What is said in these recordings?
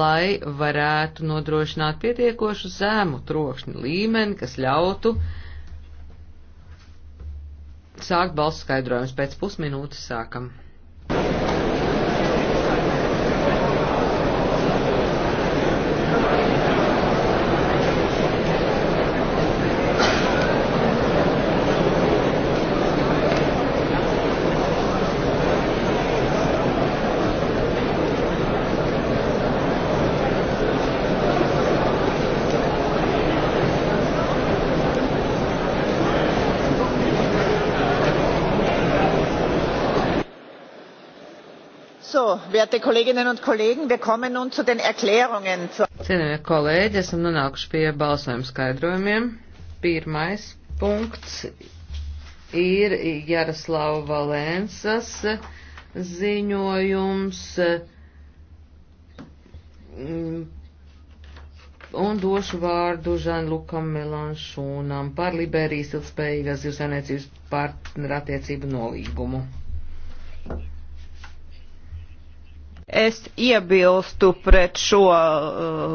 lai varētu nodrošināt pietiekošu zēmu trokšņu līmeni, kas ļautu sākt balsu skaidrojums. Pēc pusminūtes sākam. verehrte Kolleginnen und Kollegen, wir kommen nun zu den Erklärungen. Cienījamie kolēģi, esam nonākuši pie balsojuma skaidrojumiem. Pirmais punkts ir Jaroslava Valensas ziņojums. Un došu vārdu Žanlukam Melanšūnam par Liberijas ilgspējīgās zivsainiecības partnerattiecību nolīgumu. Es iebilstu pret šo uh,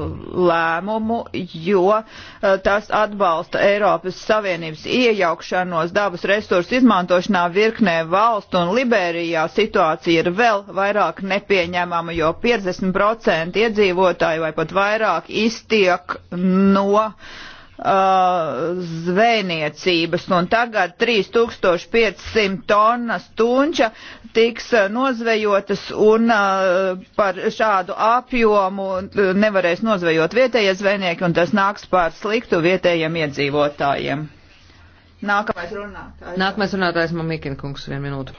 lēmumu, jo uh, tas atbalsta Eiropas Savienības iejaukšanos dabas resursu izmantošanā virknē valstu un Liberijā situācija ir vēl vairāk nepieņemama, jo 50% iedzīvotāji vai pat vairāk iztiek no uh, uh, zvejniecības, un tagad 3500 tonnas tunča tiks uh, nozvejotas, un uh, par šādu apjomu nevarēs nozvejot vietējie zvejnieki, un tas nāks pār sliktu vietējiem iedzīvotājiem. Nākamais runātājs. Nākamais runātājs Mamikina kungs, vienu minūtu.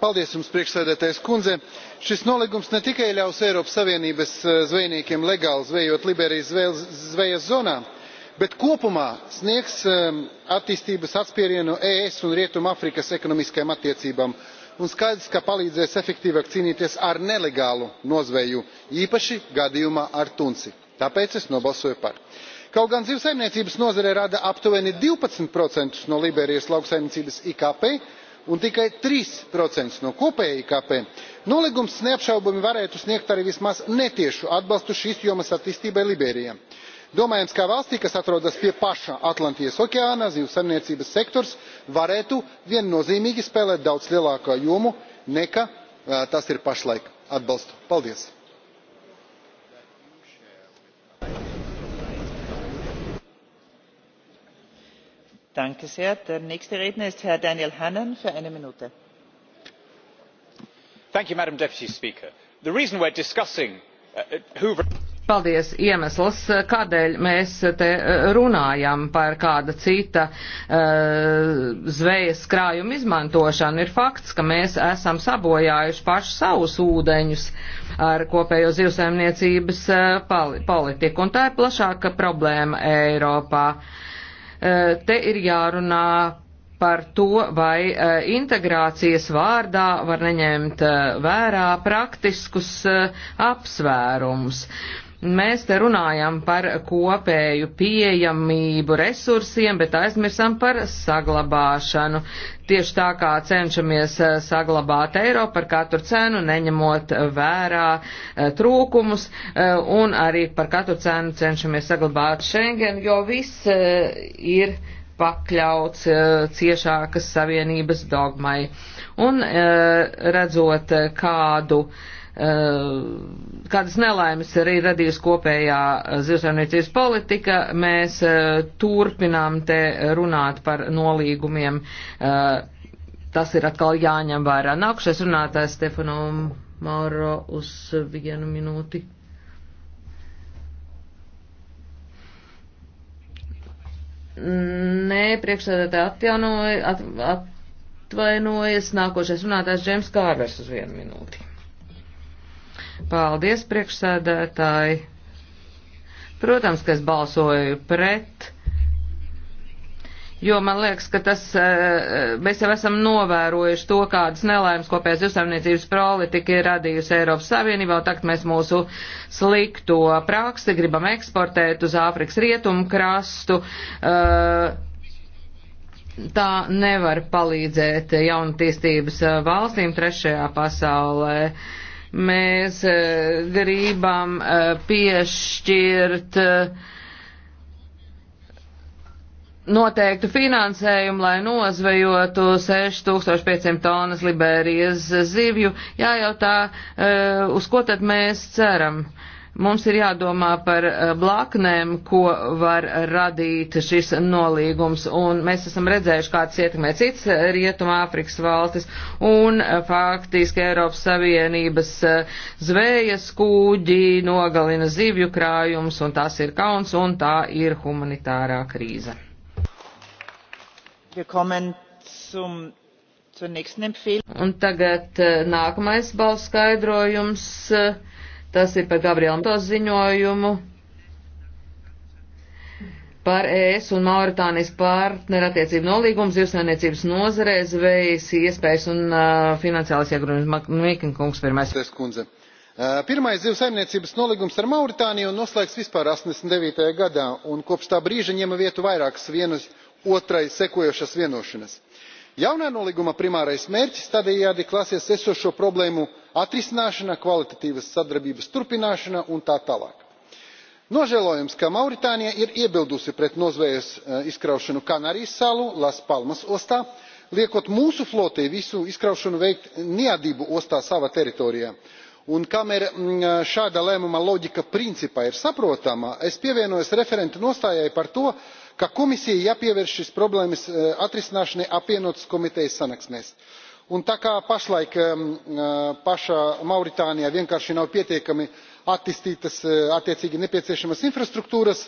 Paldies jums, priekšsēdētājs kundze. Šis nolīgums ne tikai ļaus Eiropas Savienības eh, zvejniekiem legāli zvejot Liberijas zvejas zonā, bet kopumā sniegs ehm, attīstības atspiedienu es un rietumāfrikas ekonomiskajām attiecībām un skaidrs ka palīdzēs efektīvāk cīnīties ar nelegālu nozveju īpaši gadījumā ar tunsi. tāpēc es nobalsoju par. kaut gan zivsaimniecības nozare rada aptuveni divpadsmit no liberijas lauksaimniecības ikp un tikai trīs no kopējā ikp nolīgums neapšaubāmi varētu sniegt arī vismaz netiešu atbalstu šīs jomas attīstībai liberijā domājams ka valstī kas atrodas pie paša atlantijas okeāna zivsaimniecības sektors varētu viennozīmīgi spēlēt daudz lielāku jomu nekā tas ir pašlaik. atbalstu! paldies! madam president the reason we are discussing who. Uh, uh, Paldies iemesls, kādēļ mēs te e, runājam par kāda cita uh, zvejas krājuma izmantošanu. Ir fakts, ka mēs esam sabojājuši pašu savus ūdeņus ar kopējo zivsaimniecības e, politiku, un tā ir plašāka problēma Eiropā. Uh, te ir jārunā par to, vai uh, integrācijas vārdā var neņemt uh, vērā praktiskus uh, apsvērumus. Uh, Mēs te runājam par kopēju pieejamību resursiem, bet aizmirsam par saglabāšanu. Tieši tā kā cenšamies eh, saglabāt eiro par katru cenu, neņemot vērā eh, trūkumus, eh, un arī par katru cenu cenšamies saglabāt Schengen, jo viss ir pakļauts ciešākas savienības dogmai. Un redzot kādu Eh, kādas nelaimes arī radījusi kopējā eh, zivsaimniecības politika. Mēs eh, turpinām te runāt par nolīgumiem. Tas ir atkal jāņem vērā. Nākušais runātājs Stefano Mauro uz vienu minūti. Nē, priekšsēdētāji atjaunoja, at, atvainojas. Nākošais runātājs Džems Kārvers uz vienu minūti. Paldies, priekšsēdētāji. Protams, ka es balsoju pret jo man liekas, ka tas, eh, mēs jau esam novērojuši to, kādas nelaimes kopējās jūsaimniecības politika ir radījusi Eiropas Savienībā, un tagad mēs mūsu slikto praksi gribam eksportēt uz Āfrikas rietumu krastu. Eh, tā nevar palīdzēt jaunatīstības eh, valstīm trešajā pasaulē. Uh, Mēs eh, gribam eh, piešķirt eh, noteiktu finansējumu, lai nozvejotu 6500 tonas Liberijas zivju. Jājautā, uz ko tad mēs ceram? Uh, Mums ir jādomā par eh, blaknēm, ko var radīt šis nolīgums, un mēs esam redzējuši, kāds ietekmē cits Rietuma Āfrikas valstis, un eh, faktiski Eiropas Savienības eh, zvējas kūģi nogalina zivju krājums, un tas ir kauns, un tā ir humanitārā krīze. Un tagad nākamais balss skaidrojums. Tas ir par Gabriela Matos ziņojumu par ES un Mauritānijas partnerattiecību nolīgumu zivsēniecības nozarē, zvejas iespējas un uh, finansiālas iegrūnums. Mīkinkungs pirmais. Pirmais zivsaimniecības nolīgums ar Mauritāniju noslēgts vispār 89. gadā, un kopš tā brīža ņēma vietu vairākas vienas otrai sekojošas vienošanas jaunā nolīguma primārais mērķis tādējādi klasies esošo problēmu atrisināšana kvalitatīvas sadarbības turpināšana un tā tālāk. nožēlojams ka mauritānija ir iebildusi pret nozvejas e, izkraušanu kanārijas salu las palmas ostā liekot mūsu flotei visu izkraušanu veikt neadību ostā savā teritorijā un kamēr mm, šāda lēmuma loģika principā ir saprotama es pievienojos referenta nostājai par to ka komisijai jāpievērš šīs problēmas e, atrisināšanai apvienotās komitejas sanāksmēs. un tā kā pašlaik e, e, pašā mauritānijā vienkārši nav pietiekami attīstītas attiecīgi nepieciešamās infrastruktūras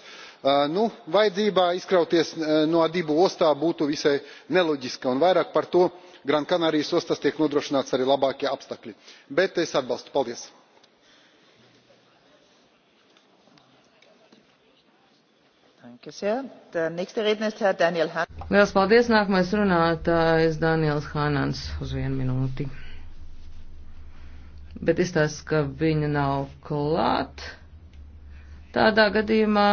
nu vajadzība izkrauties no dibu ostā būtu visai neloģiska un vairāk par to gran kanārijas ostās tiek nodrošināti arī labākie apstākļi bet es atbalstu. paldies! Liels paldies! Nākamais runātājs Daniels Hānans uz vienu minūti. Bet izstāsta, ka viņa nav klāt. Tādā gadījumā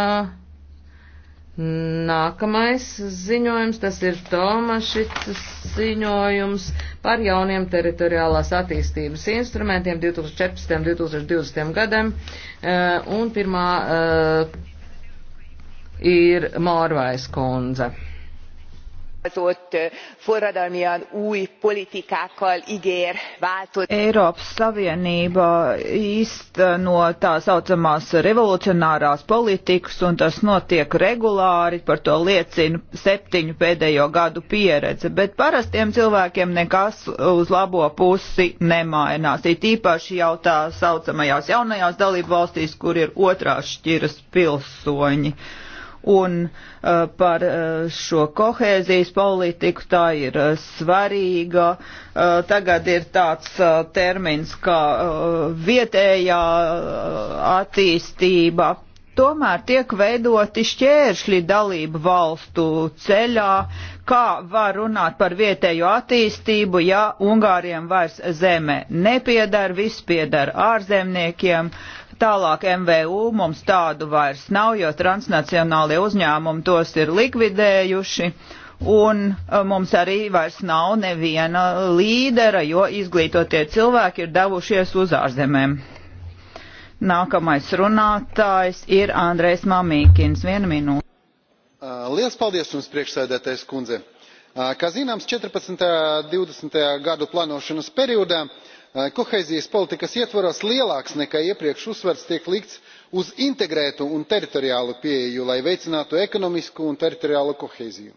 Nākamais ziņojums, tas ir Tomašits ziņojums par jauniem teritoriālās attīstības instrumentiem 2014. un 2020. gadam. Eh, un pirmā eh, ir Mārvais kundze határozott forradalmian új politikákkal gér változást. eiropas savienība īsteno tā saucamās revolucionārās politikas un tas notiek regulāri par to liecina septiņu pēdējo gadu pieredze bet parastiem cilvēkiem nekas uz labo pusi nemainās it īpaši jau tā saucamajās jaunajās dalību valstīs kur ir otrās šķiras pilsoņi un eh, par eh, šo kohēzijas politiku tā ir eh, svarīga. Tagad ir tāds termins kā vietējā attīstība. Tomēr tiek veidoti šķēršļi dalību valstu ceļā, kā var runāt par vietējo attīstību, ja Ungāriem vairs zeme nepiedara, viss piedara ārzemniekiem. Uh, Tālāk MVU mums tādu vairs nav, jo transnacionālie uzņēmumi tos ir likvidējuši. Un e, mums arī vairs nav neviena līdera, jo izglītotie cilvēki ir devušies uz ārzemēm. Nākamais runātājs ir Andrēs Mamīkins. Vienu minūti. Lielas paldies jums, priekšsēdētājs kundze. Kā zināms, 14. un 20. gadu plānošanas periodā Eh, kohēzijas politikas ietvaros lielāks nekā iepriekš uzsvars tiek likts uz integrētu un teritoriālu pieeju lai veicinātu ekonomisko un teritoriālo kohēziju.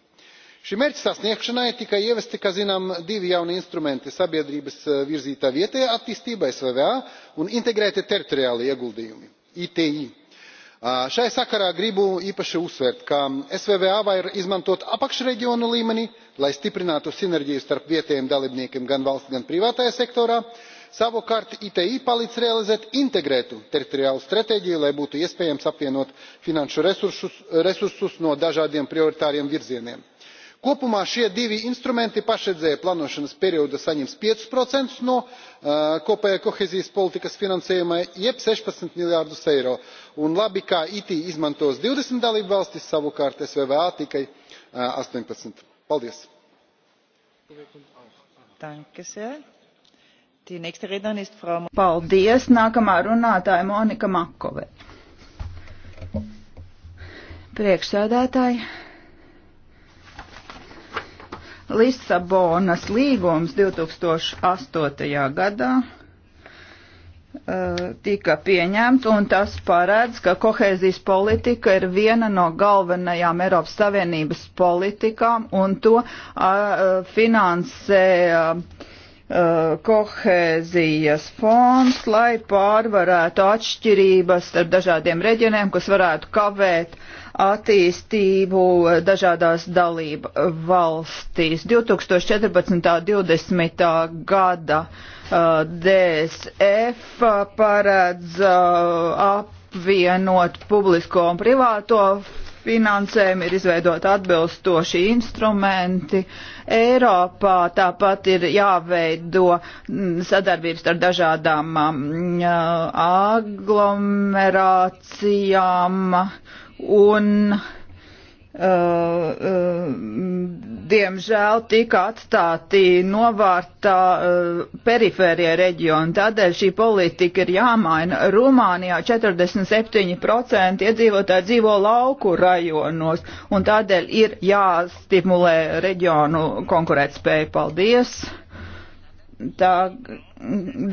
šī mērķa sasniegšanai tika ieviesti kā zināms divi jauni instrumenti sabiedrības eh, virzītā vietējā attīstība svva un integrēti teritoriālie ieguldījumi iti šai sakarā gribu īpaši uzsvērt ka svva var izmantot apakšreģionu līmenī lai stiprinātu sinerģiju starp vietējiem dalībniekiem gan valsts gan privātajā sektorā. savukārt iti palīdz realizēt integrētu teritoriālu stratēģiju lai būtu iespējams apvienot finanšu resursus no dažādiem prioritāriem virzieniem kopumā šie divi instrumenti pašreizējā plānošanas periodā saņems piecus procentus no uh, kopējā kohēzijas politikas finansējuma jeb sešpadsmit miljardus eiro un labi ka iti izmantos divdesmit dalībvalstis savukārt svva tikai. Uh, astoņpadsmit paldies! Paldies! Nākamā runātāja Monika Makove. Priekšsēdētāji Lisabonas līgums 2008. gadā eh, tika pieņemts, un tas paredz, ka kohēzijas politika ir viena no galvenajām Eiropas Savienības politikām, un to eh, finansē uh, Uh, kohēzijas fonds, lai pārvarētu atšķirības starp dažādiem reģioniem, kas varētu kavēt attīstību dažādās dalība valstīs. 2014.20. gada uh, DSF paredz uh, apvienot publisko un privāto finansējumu, ir izveidot atbilstoši instrumenti. Eiropā tāpat ir jāveido mm, sadarbības ar dažādām mm, aglomerācijām un Uh, uh, diemžēl tika atstāti novārtā uh, perifērie reģioni. Tādēļ šī politika ir jāmaina. Rumānijā 47% iedzīvotāji dzīvo lauku rajonos, un tādēļ ir jāstimulē reģionu konkurētspēju. Paldies! Tā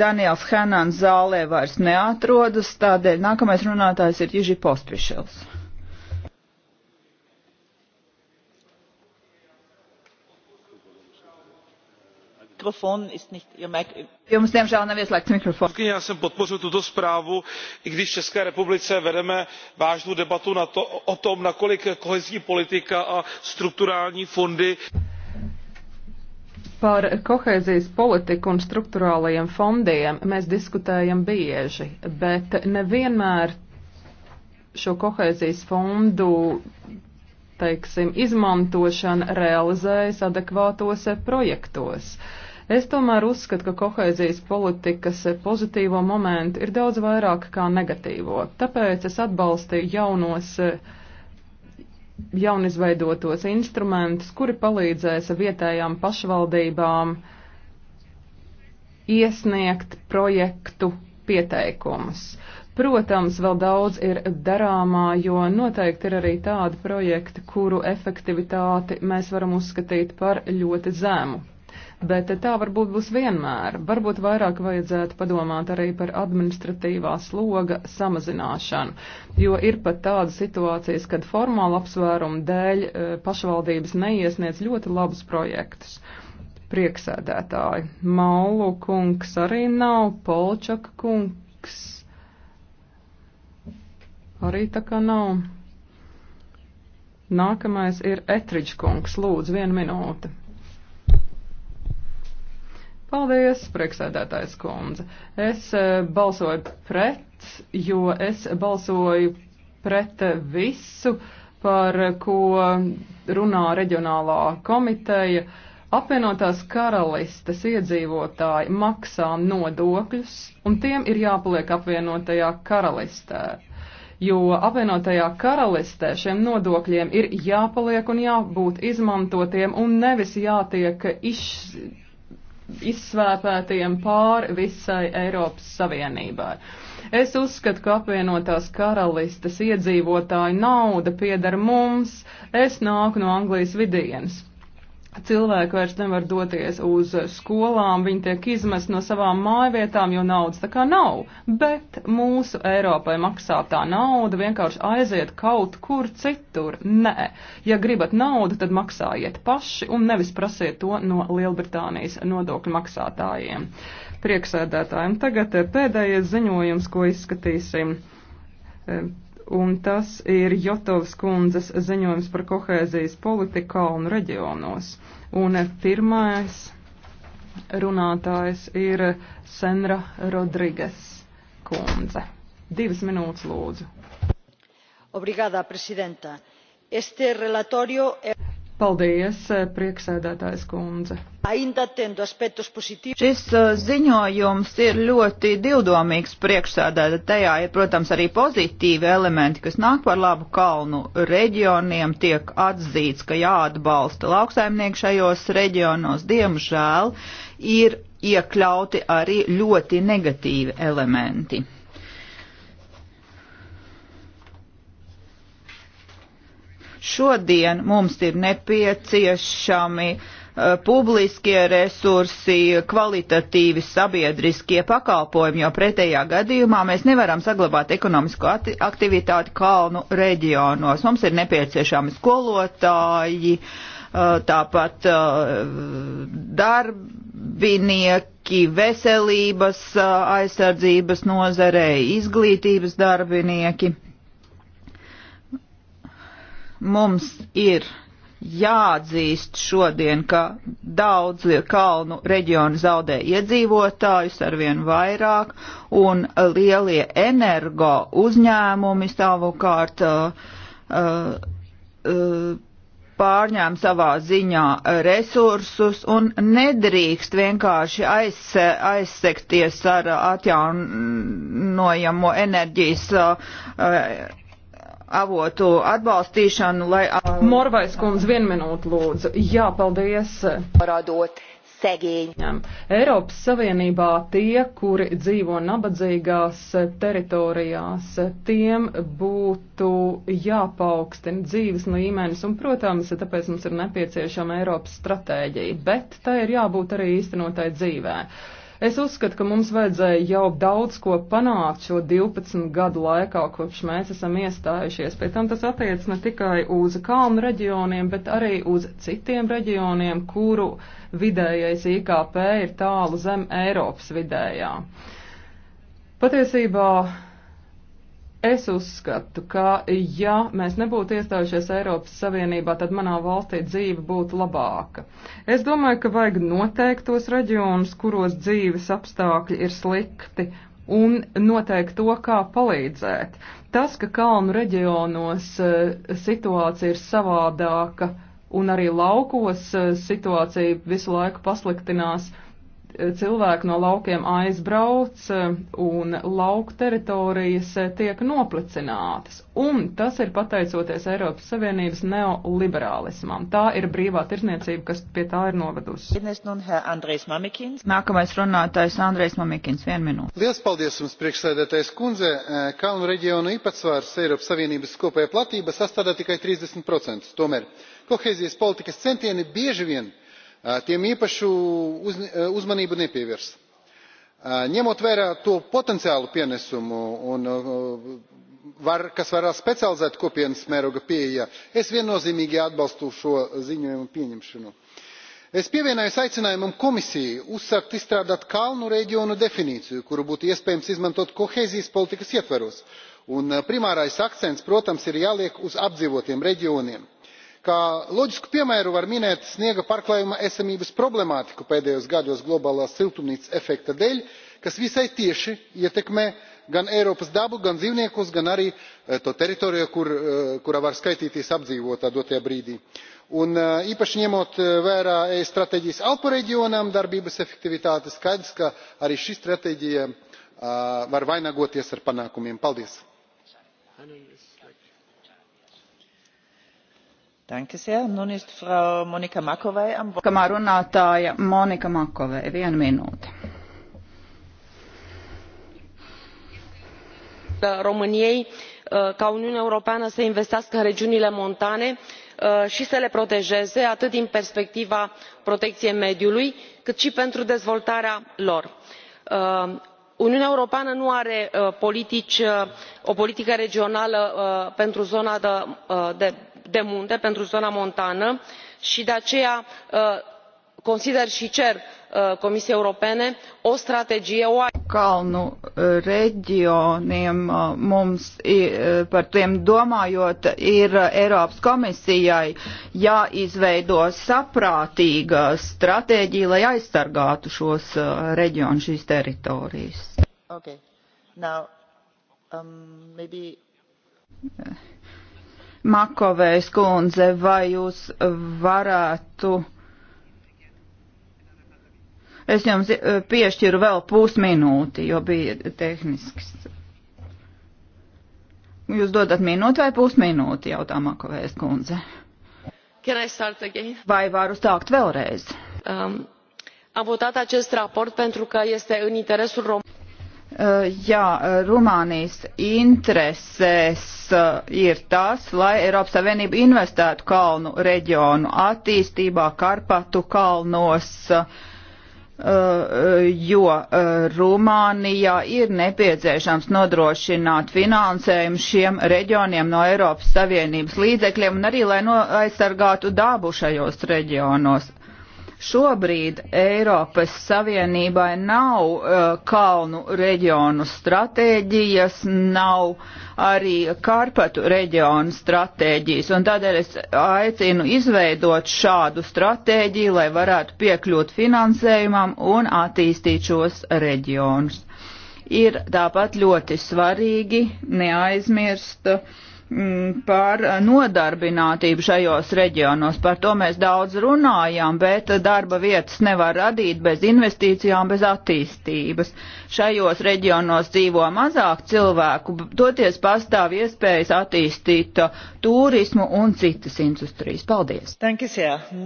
Daniels Henans zālē vairs neatrodas, tādēļ nākamais runātājs ir Jiži Postpišels. já jsem podpořil tuto zprávu i když v české republice vedeme vážnou debatu o tom nakolik kohezní politika a strukturální fondy Par kohēzijas politiku un struktūrālajiem fondiem mēs diskutējam bieži, bet nevienmēr šo kohēzijas fondu teiksim, izmantošana realizējas adekvātos projektos. Uh, Es tomēr uzskatu, ka kohēzijas politikas pozitīvo momentu ir daudz vairāk kā negatīvo. Tāpēc es atbalstīju jaunos jaunizveidotos instrumentus, kuri palīdzēs vietējām pašvaldībām iesniegt projektu pieteikumus. Protams, vēl daudz ir darāmā, jo noteikti ir arī tādi projekti, kuru efektivitāti mēs varam uzskatīt par ļoti zemu. Bet tā varbūt būs vienmēr. Varbūt vairāk vajadzētu padomāt arī par administratīvā sloga samazināšanu, jo ir pat tādas situācijas, kad formāla apsvēruma dēļ e, pašvaldības neiesniedz ļoti labus projektus. Prieksēdētāji. Maulu kungs arī nav, Polčaka kungs arī tā kā nav. Nākamais ir Etriģkungs, lūdzu, vienu minūti. Paldies, priekšsēdētājs kundze. Es eh, balsoju pret, jo es balsoju pret visu, par ko runā reģionālā komiteja. Apvienotās karalistes iedzīvotāji maksā nodokļus, un tiem ir jāpaliek apvienotajā karalistē jo apvienotajā karalistē šiem nodokļiem ir jāpaliek un jābūt izmantotiem un nevis jātiek iz, izsvēpētiem pāri visai Eiropas Savienībai. Es uzskatu, ka apvienotās karalistes iedzīvotāju nauda pieder mums. Es nāku no Anglijas vidienas cilvēki vairs nevar doties uz skolām, viņi tiek izmest no savām mājvietām, jo naudas tā kā nav. Bet mūsu Eiropai maksātā nauda vienkārši aiziet kaut kur citur. Nē, ja gribat naudu, tad maksājiet paši un nevis prasiet to no Lielbritānijas nodokļu maksātājiem. Prieksēdētājiem tagad pēdējais ziņojums, ko izskatīsim un tas ir Jotovs kundzes ziņojums par kohēzijas politiku kalnu reģionos. Un pirmais runātājs ir Senra Rodriges kundze. Divas minūtes lūdzu. Obrigada, prezidenta. Este relatorio... Paldies, eh, prieksēdētājs kundze. Šis eh, ziņojums ir ļoti divdomīgs priekšsēdētājā. Tajā ir, protams, arī pozitīvi elementi, kas nāk par labu kalnu reģioniem. Tiek atzīts, ka jāatbalsta lauksaimnieki šajos reģionos. Diemžēl ir iekļauti arī ļoti negatīvi elementi. Šodien mums ir nepieciešami e, publiskie resursi, kvalitatīvi sabiedriskie pakalpojumi, jo pretējā gadījumā mēs nevaram saglabāt ekonomisko aktivitāti kalnu reģionos. Mums ir nepieciešami skolotāji, e, tāpat e, darbinieki veselības aizsardzības nozarei, izglītības darbinieki. Mums ir jāatzīst šodien, ka daudzi kalnu reģioni zaudē iedzīvotājus arvien vairāk, un lielie energo uzņēmumi savukārt uh, uh, uh, pārņēma savā ziņā resursus un nedrīkst vienkārši aizse, aizsekties ar atjaunojamo enerģijas uh, uh, avotu atbalstīšanu, lai. Morvais kundze, vienu minūtu lūdzu. Jā, paldies. Parodot segēņiem. Eiropas Savienībā tie, kuri dzīvo nabadzīgās teritorijās, tiem būtu jāpaukstina dzīves līmenis, un, protams, tāpēc mums ir nepieciešama Eiropas stratēģija, bet tai ir jābūt arī īstenotai dzīvē. Es uzskatu, ka mums vajadzēja jau daudz ko panākt šo 12 gadu laikā, kopš mēs esam iestājušies. Pēc tam tas attiec ne tikai uz kalnu reģioniem, bet arī uz citiem reģioniem, kuru vidējais IKP ir tālu zem Eiropas vidējā. Patiesībā Es uzskatu, ka ja mēs nebūtu iestājušies Eiropas Savienībā, tad manā valstī dzīve būtu labāka. Es domāju, ka vajag noteikt tos reģionus, kuros dzīves apstākļi ir slikti, un noteikt to, kā palīdzēt. Tas, ka kalnu reģionos eh, situācija ir savādāka un arī laukos eh, situācija visu laiku pasliktinās, cilvēki no laukiem aizbrauc eh, un lauku teritorijas eh, tiek noplicinātas. Un tas ir pateicoties Eiropas Savienības neoliberālismam. Tā ir brīvā tirsniecība, kas pie tā ir novedusi. Nu, Nākamais runātājs Andrejs Mamikins, vienu minūti. Lielas paldies jums, priekšsēdētājs kundze. Eh, kalnu reģiona īpatsvars Eiropas Savienības kopējā platība sastādā tikai 30%. Tomēr kohēzijas politikas centieni bieži vien tiem īpašu e, uzmanību nepievērsa. ņemot vērā to potenciālu pienesumu e, kas var rast specializēta kopienas mēroga pieeja es viennozīmīgi atbalstu šo ziņojumu pieņemšanu. es pievienojos aicinājumam komisijai uzsākt izstrādāt kalnu reģionu definīciju kuru būtu iespējams izmantot kohēzijas politikas ietvaros un e, primārais akcents protams ir jāliek uz apdzīvotiem reģioniem kā loģisku piemēru var minēt sniega pārklājuma esamības problemātiku pēdējos gados globālā siltumnīcas efekta dēļ kas visai tieši ietekmē gan eiropas dabu gan dzīvniekus gan arī eh, to teritoriju kura eh, var skaitīties apdzīvotā dotajā brīdī un eh, īpaši ņemot vērā e stratēģijas alpu reģionam darbības efektivitāti skaidrs ka arī šī stratēģija var vainagoties ar panākumiem. paldies! Nākamā runātāja Monika Makovei. Viena minūte. României uh, ca Uniunea Europeană să investească în regiunile montane uh, și să le protejeze atât din perspectiva protecției mediului cât și pentru dezvoltarea lor uh, uniunea europeană nu are politici, o politică regională pentru zona de, de de munte pentru zona montană și de aceea uh, consider și cer komisijai uh, europene o strategie o kalnu uh, reģioniem mums par tiem domājot ir Eiropas komisijai jāizveido saprātīga stratēģija, lai aizsargātu šos reģionus, šīs teritorijas. Okay. Now, um, maybe... Makovējs kundze, vai jūs varētu. Es jums eh, piešķiru vēl pusminūti, jo bija tehnisks. Jūs dodat minūti vai pusminūti, jautā Makovējs kundze. Vai varu sākt vēlreiz? Um, am votat acest raport pentru că este în interesul României. Eh, jā, Rumānijas interesēs eh, ir tas, lai Eiropas Savienība investētu kalnu reģionu attīstībā, Karpatu kalnos, eh, jo Rumānijā ir nepieciešams nodrošināt finansējumu šiem reģioniem no Eiropas Savienības līdzekļiem un arī, lai no aizsargātu dabu šajos reģionos Šobrīd Eiropas Savienībai nav uh, kalnu reģionu stratēģijas, nav arī Karpatu reģionu stratēģijas, un tādēļ es aicinu izveidot šādu stratēģiju, lai varētu piekļūt finansējumam un attīstīt šos reģionus. Ir tāpat ļoti svarīgi neaizmirst uh, Mm, par nodarbinātību šajos reģionos. Par to mēs daudz runājām, bet darba vietas nevar radīt bez investīcijām, bez attīstības. Šajos reģionos dzīvo mazāk cilvēku, toties pastāv iespējas attīstīt uh, turismu un citas industrijas. Paldies! Thank you,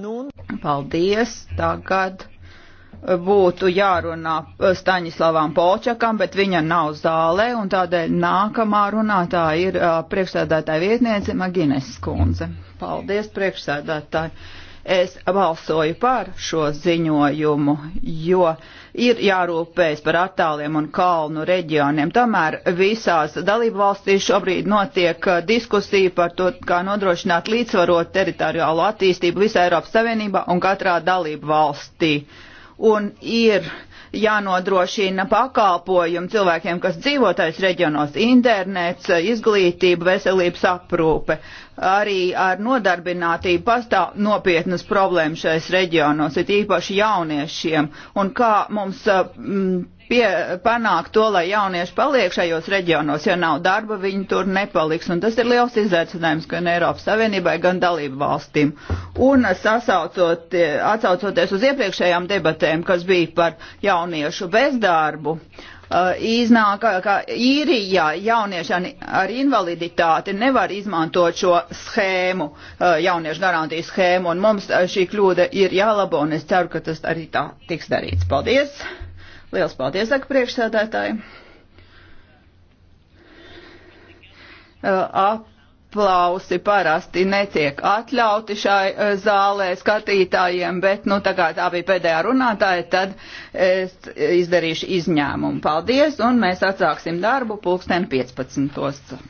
Nun... Paldies! Tagad būtu jārunā eh, Staņislavām Polčakam, bet viņa nav zālē, un tādēļ nākamā runātāja ir eh, priekšsēdētāja vietniece Magines Skundze. Paldies, priekšsēdētāji! Es balsoju par šo ziņojumu, jo ir jārūpējas par attāliem un kalnu reģioniem. Tomēr visās dalību valstīs šobrīd notiek eh, diskusija par to, kā nodrošināt līdzvarot teritoriālo attīstību visā Eiropas Savienībā un katrā dalību valstī. Uh, un ir jānodrošina pakalpojumi cilvēkiem, kas dzīvo tais reģionos - internets, izglītība, veselības aprūpe. Arī ar nodarbinātību pastāv nopietnas problēmas šais reģionos, it īpaši jauniešiem, un kā mums m, pie, panākt to, lai jaunieši paliek šajos reģionos. Ja nav darba, viņi tur nepaliks. Un tas ir liels izaicinājums gan Eiropas Savienībai, gan dalību valstīm. Un sasaucot, atsaucoties uz iepriekšējām debatēm, kas bija par jauniešu bezdarbu, eh, iznāk, ka īrijā jaunieši ar invaliditāti nevar izmantot šo schēmu, eh, jauniešu garantijas schēmu, un mums eh, šī kļūda ir jālabo, un es ceru, ka tas arī tā tiks darīts. Paldies! Liels paldies, saka priekšsēdētāji. Aplausi parasti netiek atļauti šai zālē skatītājiem, bet, nu, tā kā tā bija pēdējā runātāja, tad es izdarīšu izņēmumu. Paldies, un mēs atsāksim darbu pulksten 15.